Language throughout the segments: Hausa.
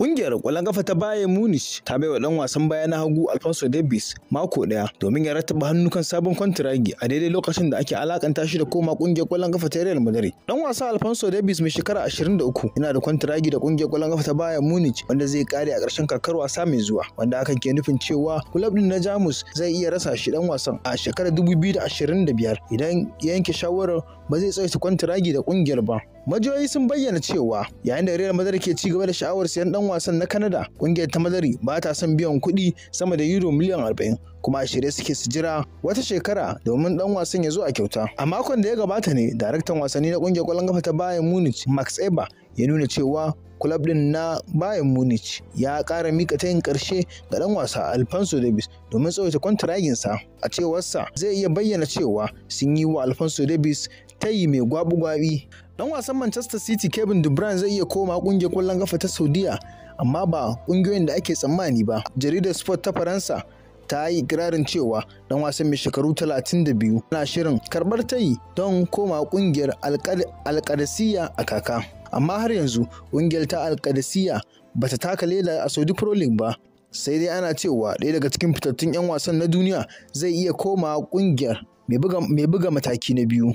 Ƙungiyar ƙwallon kafa ta Bayern Munich ta bai wa ɗan wasan baya na hagu Alfonso Davies mako ɗaya domin ya rattaba hannu kan sabon kwantiragi a daidai lokacin da ake alakanta shi da koma ƙungiyar ƙwallon kafa ta Real Madrid. Ɗan wasa Alfonso Davies mai shekara 23 yana da kwantiragi da ƙungiyar ƙwallon kafa ta Bayern Munich wanda zai kare a ƙarshen kakar wasa mai zuwa wanda hakan ke nufin cewa kulab din na Jamus zai iya rasa shi ɗan wasan a shekarar 2025 idan ya yanke shawarar ba zai tsaita kwantiragi da ƙungiyar ba. Majiyoyi sun bayyana cewa yayin da Real Madrid ke ci gaba da sha'awar siyan dan wasan na Canada, kungiyar ta Madrid ba ta son biyan kuɗi sama da euro miliyan 40 kuma a shirye suke su jira wata shekara domin dan wasan ya zo a kyauta. A makon da ya gabata ne, daraktan wasanni na kungiyar kwallon kafa ta Bayern Munich, Max Eber, ya nuna cewa kulab din na Bayern Munich ya kara mika ta yin karshe ga ɗan wasa Alfonso Davies domin tsawaita kwantaraginsa. A cewarsa zai iya bayyana cewa sun yi wa Alfonso Davies ta yi mai gwabi-gwabi. Dan wasan Manchester City Kevin De Bruyne zai iya koma kungiyar kwallon kafa ta Saudiya amma ba kungiyoyin da ake tsammani ba. Jaridar Sport ta Faransa ta yi ikirarin cewa dan wasan mai shekaru 32 na shirin karbar tayi don koma kungiyar alkadasiya a kaka. Amma har yanzu kungiyar ta alkadasiya bata taka leda a Saudi Pro League ba sai dai ana cewa ɗaya daga cikin fitattun 'yan wasan na duniya zai iya koma kungiyar mai buga mataki na biyu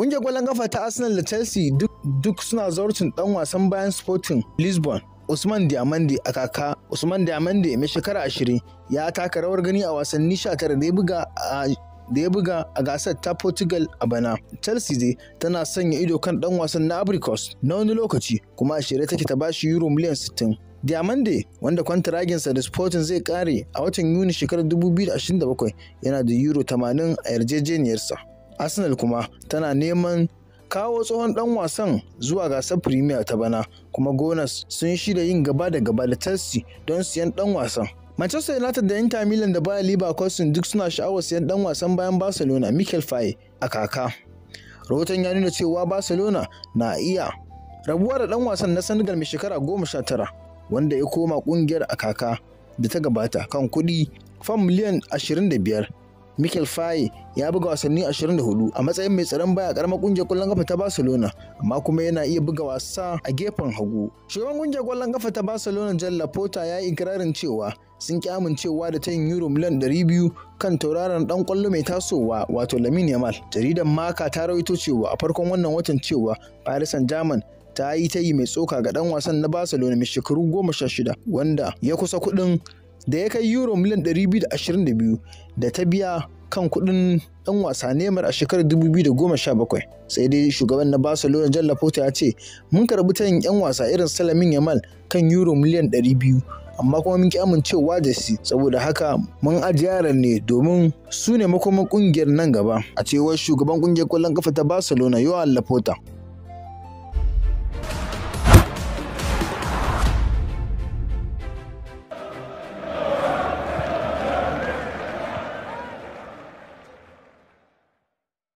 Ƙungiyar ƙwallon kafa ta Arsenal da Chelsea duk suna zaurcin ɗan wasan bayan Sporting Lisbon Usman Diamande a kaka Usman Diamande mai shekara ashirin ya taka rawar gani a wasanni sha da ya buga a da ya buga a gasar ta Portugal a bana. Chelsea dai tana sanya ido kan dan wasan na Abricos na wani lokaci kuma a shirye take ta bashi euro miliyan 60. Diamande wanda kwantaraginsa da Sporting zai kare a watan Yuni shekarar 2027 yana da euro tamanin a yarjejeniyarsa. Arsenal kuma tana neman kawo tsohon dan wasan zuwa gasar Premier ta bana kuma Gunners sun shirya yin gaba da gaba da Chelsea don siyan dan wasan. Manchester United da Inter Milan da Bayer Leverkusen duk suna sha'awar siyan dan wasan bayan Barcelona Mikel Faye a kaka. Rahoton ya nuna cewa Barcelona na iya rabuwa da dan wasan na Senegal mai shekara goma sha tara wanda ya koma kungiyar a kaka da ta gabata kan kuɗi fam miliyan 25 Mikel Faye ya buga wasanni 24 a matsayin mai tsaron baya karamar kungiyar kwallon kafa ta Barcelona amma kuma yana iya buga wasa a gefen hagu. Shugaban kungiyar kwallon kafa ta Barcelona Jan Laporta ya yi ikirarin cewa sun ki amincewa da ta yin euro miliyan 200 kan tauraron dan kwallo mai tasowa wato Lamine Yamal. Jaridar Maka ta rawaito cewa a farkon wannan watan cewa Paris Saint-Germain ta yi ta yi mai tsoka ga dan wasan na Barcelona mai shekaru goma shida wanda ya kusa kuɗin da ya kai euro miliyan 222 da ta biya kan kuɗin ɗan wasa nemar a shekarar 2017 sai dai shugaban na Barcelona Jan Laporta ya ce mun karbi tayin 'yan wasa irin Salamin Yamal kan euro miliyan 200 amma kuma mun ki amincewa da shi saboda haka mun ajiyarar ne domin su ne makoman ƙungiyar nan gaba a cewar shugaban kungiyar kwallon kafa ta Barcelona Joan Laporta